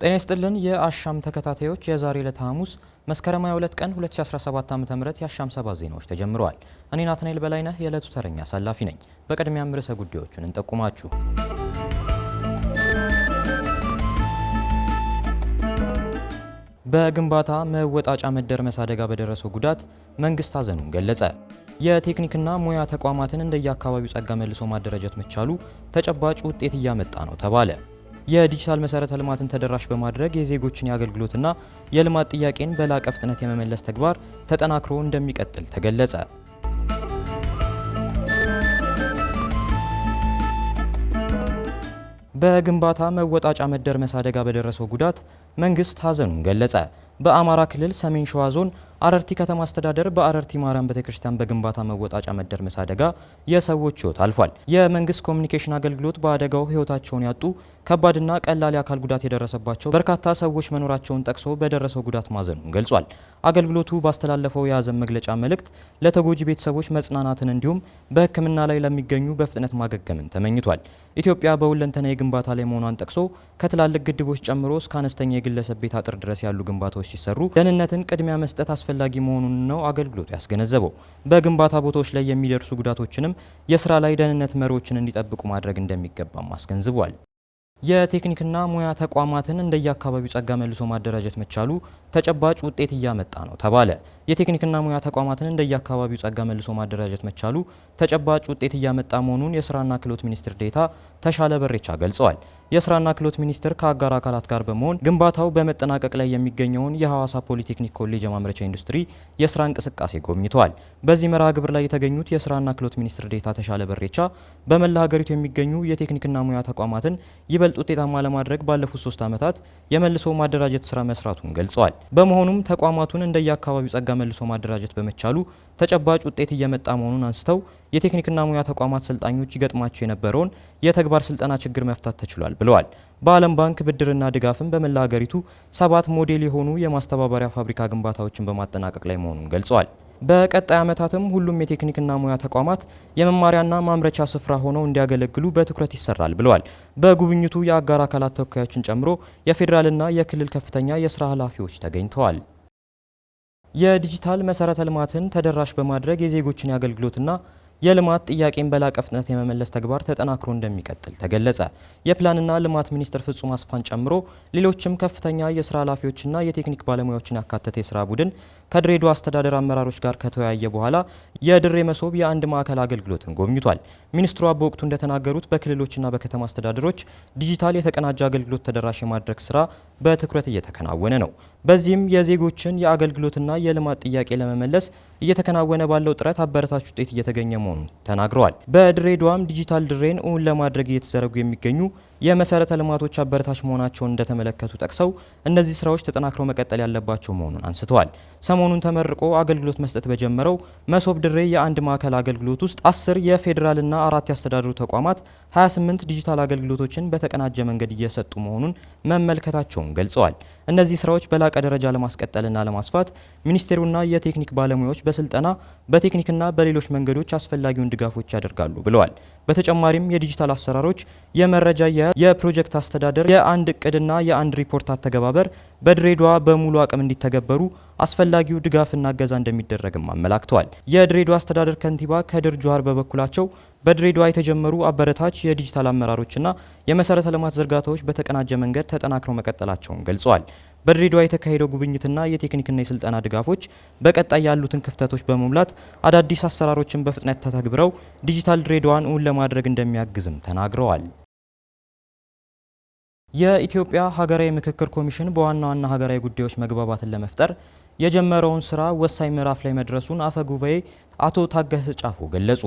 ጤና ይስጥልን የአሻም ተከታታዮች የዛሬ ዕለት ሐሙስ መስከረም 22 ቀን 2017 ዓ.ም የአሻም ሰባት ዜናዎች ተጀምረዋል። እኔ ናትናኤል በላይነህ የዕለቱ ተረኛ አሳላፊ ነኝ። በቅድሚያም ርዕሰ ጉዳዮቹን እንጠቁማችሁ። በግንባታ መወጣጫ መደርመስ አደጋ በደረሰው ጉዳት መንግስት ሐዘኑን ገለጸ። የቴክኒክና ሙያ ተቋማትን እንደየአካባቢው ጸጋ መልሶ ማደራጀት መቻሉ ተጨባጭ ውጤት እያመጣ ነው ተባለ። የዲጂታል መሰረተ ልማትን ተደራሽ በማድረግ የዜጎችን የአገልግሎትና የልማት ጥያቄን በላቀ ፍጥነት የመመለስ ተግባር ተጠናክሮ እንደሚቀጥል ተገለጸ። በግንባታ መወጣጫ መደርመስ አደጋ በደረሰው ጉዳት መንግስት ሐዘኑን ገለጸ። በአማራ ክልል ሰሜን ሸዋ ዞን አረርቲ ከተማ አስተዳደር በአረርቲ ማርያም ቤተክርስቲያን በግንባታ መወጣጫ መደርመስ አደጋ የሰዎች ህይወት አልፏል። የመንግስት ኮሚኒኬሽን አገልግሎት በአደጋው ህይወታቸውን ያጡ ከባድና ቀላል የአካል ጉዳት የደረሰባቸው በርካታ ሰዎች መኖራቸውን ጠቅሶ በደረሰው ጉዳት ማዘኑን ገልጿል። አገልግሎቱ ባስተላለፈው የያዘን መግለጫ መልእክት ለተጎጂ ቤተሰቦች መጽናናትን እንዲሁም በሕክምና ላይ ለሚገኙ በፍጥነት ማገገምን ተመኝቷል። ኢትዮጵያ በሁለንተና የግንባታ ላይ መሆኗን ጠቅሶ ከትላልቅ ግድቦች ጨምሮ እስከ አነስተኛ የግለሰብ ቤት አጥር ድረስ ያሉ ግንባታዎች ሲሰሩ ደህንነትን ቅድሚያ መስጠት አስፈላጊ መሆኑን ነው አገልግሎቱ ያስገነዘበው። በግንባታ ቦታዎች ላይ የሚደርሱ ጉዳቶችንም የስራ ላይ ደህንነት መሪዎችን እንዲጠብቁ ማድረግ እንደሚገባም አስገንዝቧል። የቴክኒክና ሙያ ተቋማትን እንደየአካባቢው ጸጋ መልሶ ማደራጀት መቻሉ ተጨባጭ ውጤት እያመጣ ነው ተባለ። የቴክኒክና ሙያ ተቋማትን እንደየአካባቢው ጸጋ መልሶ ማደራጀት መቻሉ ተጨባጭ ውጤት እያመጣ መሆኑን የስራና ክህሎት ሚኒስትር ዴታ ተሻለ በሬቻ ገልጸዋል። የስራና ክህሎት ሚኒስቴር ከአጋር አካላት ጋር በመሆን ግንባታው በመጠናቀቅ ላይ የሚገኘውን የሐዋሳ ፖሊቴክኒክ ኮሌጅ የማምረቻ ኢንዱስትሪ የስራ እንቅስቃሴ ጎብኝተዋል። በዚህ መርሃ ግብር ላይ የተገኙት የስራና ክህሎት ሚኒስትር ዴታ ተሻለ በሬቻ በመላ ሀገሪቱ የሚገኙ የቴክኒክና ሙያ ተቋማትን ይበልጥ ውጤታማ ለማድረግ ባለፉት ሶስት ዓመታት የመልሶ ማደራጀት ስራ መስራቱን ገልጸዋል። በመሆኑም ተቋማቱን እንደየአካባቢው ጸጋ መልሶ ማደራጀት በመቻሉ ተጨባጭ ውጤት እየመጣ መሆኑን አንስተው የቴክኒክና ሙያ ተቋማት ሰልጣኞች ይገጥማቸው የነበረውን የተግባር ስልጠና ችግር መፍታት ተችሏል ብለዋል። በዓለም ባንክ ብድርና ድጋፍን በመላ ሀገሪቱ ሰባት ሞዴል የሆኑ የማስተባበሪያ ፋብሪካ ግንባታዎችን በማጠናቀቅ ላይ መሆኑን ገልጸዋል። በቀጣይ ዓመታትም ሁሉም የቴክኒክና ሙያ ተቋማት የመማሪያና ማምረቻ ስፍራ ሆነው እንዲያገለግሉ በትኩረት ይሰራል ብለዋል። በጉብኝቱ የአጋር አካላት ተወካዮችን ጨምሮ የፌዴራልና የክልል ከፍተኛ የስራ ኃላፊዎች ተገኝተዋል። የዲጂታል መሰረተ ልማትን ተደራሽ በማድረግ የዜጎችን የአገልግሎትና የልማት ጥያቄን በላቀ ፍጥነት የመመለስ ተግባር ተጠናክሮ እንደሚቀጥል ተገለጸ። የፕላንና ልማት ሚኒስትር ፍጹም አስፋን ጨምሮ ሌሎችም ከፍተኛ የስራ ኃላፊዎችና የቴክኒክ ባለሙያዎችን ያካተተ የስራ ቡድን ከድሬዳዋ አስተዳደር አመራሮች ጋር ከተወያየ በኋላ የድሬ መሶብ የአንድ ማዕከል አገልግሎትን ጎብኝቷል። ሚኒስትሯ በወቅቱ እንደተናገሩት በክልሎችና በከተማ አስተዳደሮች ዲጂታል የተቀናጀ አገልግሎት ተደራሽ የማድረግ ስራ በትኩረት እየተከናወነ ነው። በዚህም የዜጎችን የአገልግሎትና የልማት ጥያቄ ለመመለስ እየተከናወነ ባለው ጥረት አበረታች ውጤት እየተገኘ መሆኑን ተናግረዋል። በድሬዳዋም ዲጂታል ድሬን እውን ለማድረግ እየተዘረጉ የሚገኙ የመሰረተ ልማቶች አበረታች መሆናቸውን እንደተመለከቱ ጠቅሰው እነዚህ ስራዎች ተጠናክረው መቀጠል ያለባቸው መሆኑን አንስተዋል። ሰሞኑን ተመርቆ አገልግሎት መስጠት በጀመረው መሶብ ድሬ የአንድ ማዕከል አገልግሎት ውስጥ 10 የፌዴራልና አራት ያስተዳደሩ ተቋማት 28 ዲጂታል አገልግሎቶችን በተቀናጀ መንገድ እየሰጡ መሆኑን መመልከታቸውን ገልጸዋል። እነዚህ ስራዎች በላቀ ደረጃ ለማስቀጠልና ለማስፋት ሚኒስቴሩና የቴክኒክ ባለሙያዎች በስልጠና በቴክኒክና በሌሎች መንገዶች አስፈላጊውን ድጋፎች ያደርጋሉ ብለዋል። በተጨማሪም የዲጂታል አሰራሮች፣ የመረጃ የፕሮጀክት አስተዳደር፣ የአንድ እቅድና የአንድ ሪፖርት አተገባበር በድሬዳዋ በሙሉ አቅም እንዲተገበሩ አስፈላጊው ድጋፍና እገዛ እንደሚደረግም አመላክተዋል። የድሬዳዋ አስተዳደር ከንቲባ ከድር ጁሃር በበኩላቸው በድሬዳዋ የተጀመሩ አበረታች የዲጂታል አመራሮችና የመሰረተ ልማት ዝርጋታዎች በተቀናጀ መንገድ ተጠናክረው መቀጠላቸውን ገልጸዋል። በድሬዳዋ የተካሄደው ጉብኝትና የቴክኒክና የስልጠና ድጋፎች በቀጣይ ያሉትን ክፍተቶች በመሙላት አዳዲስ አሰራሮችን በፍጥነት ተተግብረው ዲጂታል ድሬዳዋን እውን ለማድረግ እንደሚያግዝም ተናግረዋል። የኢትዮጵያ ሀገራዊ ምክክር ኮሚሽን በዋና ዋና ሀገራዊ ጉዳዮች መግባባትን ለመፍጠር የጀመረውን ስራ ወሳኝ ምዕራፍ ላይ መድረሱን አፈ ጉባኤ አቶ ታገሰ ጫፎ ገለጹ።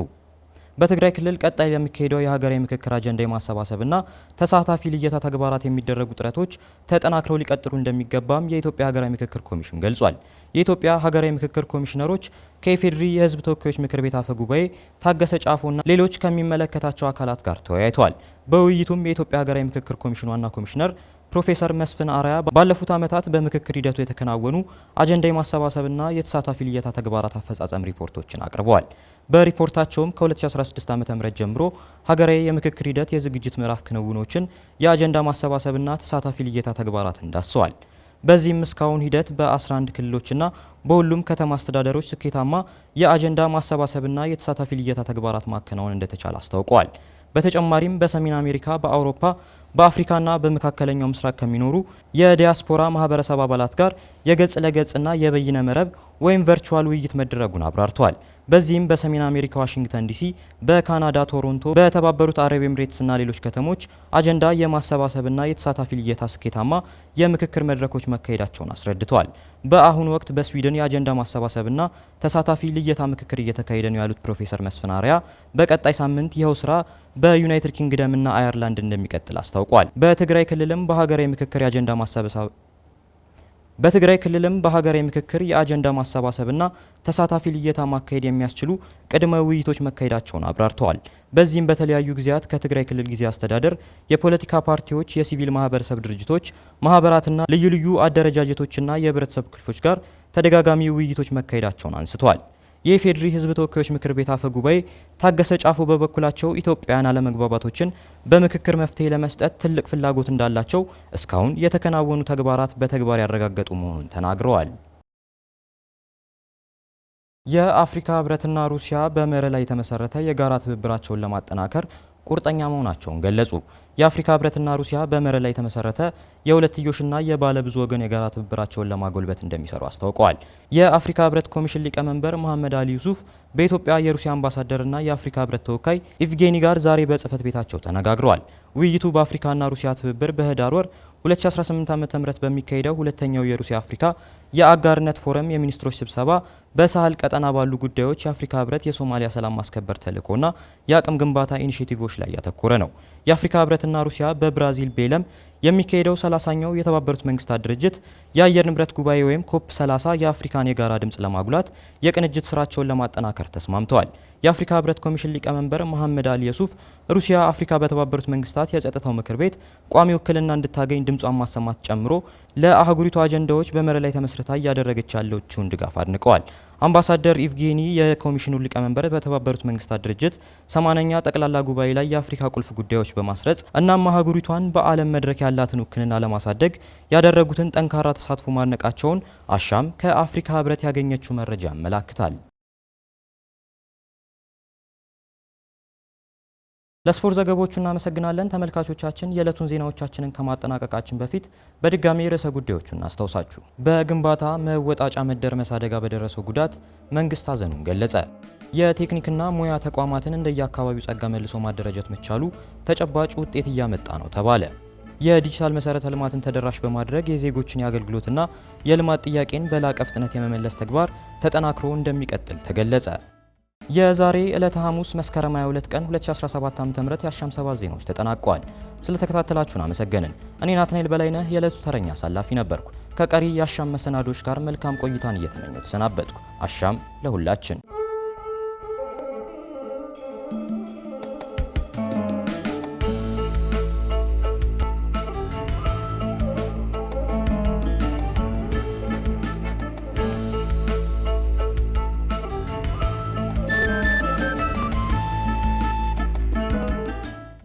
በትግራይ ክልል ቀጣይ ለሚካሄደው የሀገራዊ ምክክር አጀንዳ የማሰባሰብና ተሳታፊ ልየታ ተግባራት የሚደረጉ ጥረቶች ተጠናክረው ሊቀጥሉ እንደሚገባም የኢትዮጵያ ሀገራዊ ምክክር ኮሚሽን ገልጿል። የኢትዮጵያ ሀገራዊ ምክክር ኮሚሽነሮች ከኢፌዴሪ የህዝብ ተወካዮች ምክር ቤት አፈ ጉባኤ ታገሰ ጫፎና ሌሎች ከሚመለከታቸው አካላት ጋር ተወያይተዋል። በውይይቱም የኢትዮጵያ ሀገራዊ ምክክር ኮሚሽን ዋና ኮሚሽነር ፕሮፌሰር መስፍን አርያ ባለፉት ዓመታት በምክክር ሂደቱ የተከናወኑ አጀንዳ የማሰባሰብና የተሳታፊ ልየታ ተግባራት አፈጻጸም ሪፖርቶችን አቅርበዋል። በሪፖርታቸውም ከ2016 ዓ ም ጀምሮ ሀገራዊ የምክክር ሂደት የዝግጅት ምዕራፍ ክንውኖችን፣ የአጀንዳ ማሰባሰብና ተሳታፊ ልየታ ተግባራትን ዳስሰዋል። በዚህም እስካሁን ሂደት በ11 ክልሎችና በሁሉም ከተማ አስተዳደሮች ስኬታማ የአጀንዳ ማሰባሰብና የተሳታፊ ልየታ ተግባራት ማከናወን እንደተቻለ አስታውቀዋል። በተጨማሪም በሰሜን አሜሪካ፣ በአውሮፓ፣ በአፍሪካና በመካከለኛው ምስራቅ ከሚኖሩ የዲያስፖራ ማህበረሰብ አባላት ጋር የገጽ ለገጽና የበይነ መረብ ወይም ቨርቹዋል ውይይት መደረጉን አብራርተዋል። በዚህም በሰሜን አሜሪካ ዋሽንግተን ዲሲ፣ በካናዳ ቶሮንቶ፣ በተባበሩት አረብ እና ሌሎች ከተሞች አጀንዳ የማሰባሰብና የተሳታፊ ልየታ ስኬታማ የምክክር መድረኮች መካሄዳቸውን አስረድተዋል። በአሁኑ ወቅት በስዊድን የአጀንዳ ማሰባሰብና ተሳታፊ ልየታ ምክክር እየተካሄደ ነው ያሉት ፕሮፌሰር መስፍን በቀጣይ ሳምንት ይኸው ስራ በዩናይትድ ኪንግደምና አየርላንድ እንደሚቀጥል አስታውቋል። በትግራይ ክልልም በሀገራዊ ምክክር የአጀንዳ ማሰባሰብ በትግራይ ክልልም በሀገራዊ ምክክር የአጀንዳ ማሰባሰብና ተሳታፊ ልየታ ማካሄድ የሚያስችሉ ቅድመ ውይይቶች መካሄዳቸውን አብራርተዋል። በዚህም በተለያዩ ጊዜያት ከትግራይ ክልል ጊዜ አስተዳደር የፖለቲካ ፓርቲዎች፣ የሲቪል ማህበረሰብ ድርጅቶች፣ ማህበራትና ልዩ ልዩ አደረጃጀቶችና የህብረተሰብ ክፍሎች ጋር ተደጋጋሚ ውይይቶች መካሄዳቸውን አንስተዋል። የኢፌዴሪ ህዝብ ተወካዮች ምክር ቤት አፈ ጉባኤ ታገሰ ጫፉ በበኩላቸው ኢትዮጵያውያን አለመግባባቶችን በምክክር መፍትሄ ለመስጠት ትልቅ ፍላጎት እንዳላቸው እስካሁን የተከናወኑ ተግባራት በተግባር ያረጋገጡ መሆኑን ተናግረዋል። የአፍሪካ ህብረትና ሩሲያ በመርህ ላይ የተመሰረተ የጋራ ትብብራቸውን ለማጠናከር ቁርጠኛ መሆናቸውን ገለጹ። የአፍሪካ ህብረትና ሩሲያ በመርህ ላይ የተመሰረተ የሁለትዮሽና የባለብዙ ወገን የጋራ ትብብራቸውን ለማጎልበት እንደሚሰሩ አስታውቀዋል። የአፍሪካ ህብረት ኮሚሽን ሊቀመንበር መሐመድ አሊ ዩሱፍ በኢትዮጵያ የሩሲያ አምባሳደርና የአፍሪካ ህብረት ተወካይ ኢቭጌኒ ጋር ዛሬ በጽህፈት ቤታቸው ተነጋግረዋል። ውይይቱ በአፍሪካና ሩሲያ ትብብር በህዳር ወር 2018 ዓ.ም በሚካሄደው ሁለተኛው የሩሲያ አፍሪካ የአጋርነት ፎረም የሚኒስትሮች ስብሰባ በሳህል ቀጠና ባሉ ጉዳዮች የአፍሪካ ህብረት የሶማሊያ ሰላም ማስከበር ተልዕኮና የአቅም ግንባታ ኢኒሼቲቮች ላይ ያተኮረ ነው። የአፍሪካ ህብረትና ሩሲያ በብራዚል ቤለም የሚካሄደው 30ኛው የተባበሩት መንግስታት ድርጅት የአየር ንብረት ጉባኤ ወይም ኮፕ 30 የአፍሪካን የጋራ ድምፅ ለማጉላት የቅንጅት ስራቸውን ለማጠናከር ተስማምተዋል። የአፍሪካ ህብረት ኮሚሽን ሊቀመንበር መሐመድ አሊ የሱፍ ሩሲያ አፍሪካ በተባበሩት መንግስታት የጸጥታው ምክር ቤት ቋሚ ውክልና እንድታገኝ ድምጿን ማሰማት ጨምሮ ለአህጉሪቱ አጀንዳዎች በመርህ ላይ ተመስርታ እያደረገች ያለችውን ድጋፍ አድንቀዋል። አምባሳደር ኢቭጌኒ የኮሚሽኑ ሊቀመንበር በተባበሩት መንግስታት ድርጅት ሰማነኛ ጠቅላላ ጉባኤ ላይ የአፍሪካ ቁልፍ ጉዳዮች በማስረጽ እናም አህጉሪቷን በዓለም መድረክ ያላትን ውክልና ለማሳደግ ያደረጉትን ጠንካራ ተሳትፎ ማድነቃቸውን አሻም ከአፍሪካ ህብረት ያገኘችው መረጃ ያመላክታል። ለስፖርት ዘገባዎቹ እናመሰግናለን። ተመልካቾቻችን የዕለቱን ዜናዎቻችንን ከማጠናቀቃችን በፊት በድጋሚ ርዕሰ ጉዳዮቹ እናስታውሳችሁ። በግንባታ መወጣጫ መደርመስ አደጋ በደረሰው ጉዳት መንግስት ሐዘኑን ገለጸ። የቴክኒክና ሙያ ተቋማትን እንደየአካባቢው ጸጋ መልሶ ማደራጀት መቻሉ ተጨባጭ ውጤት እያመጣ ነው ተባለ። የዲጂታል መሰረተ ልማትን ተደራሽ በማድረግ የዜጎችን የአገልግሎትና የልማት ጥያቄን በላቀ ፍጥነት የመመለስ ተግባር ተጠናክሮ እንደሚቀጥል ተገለጸ። የዛሬ ዕለተ ሐሙስ መስከረም 22 ቀን 2017 ዓ.ም የአሻም ሰባት ዜናዎች ተጠናቀዋል። ስለተከታተላችሁን አመሰገንን። እኔ ናትናኤል በላይነህ የዕለቱ ተረኛ አሳላፊ ነበርኩ። ከቀሪ የአሻም መሰናዶች ጋር መልካም ቆይታን እየተመኘሁ ተሰናበትኩ። አሻም ለሁላችን!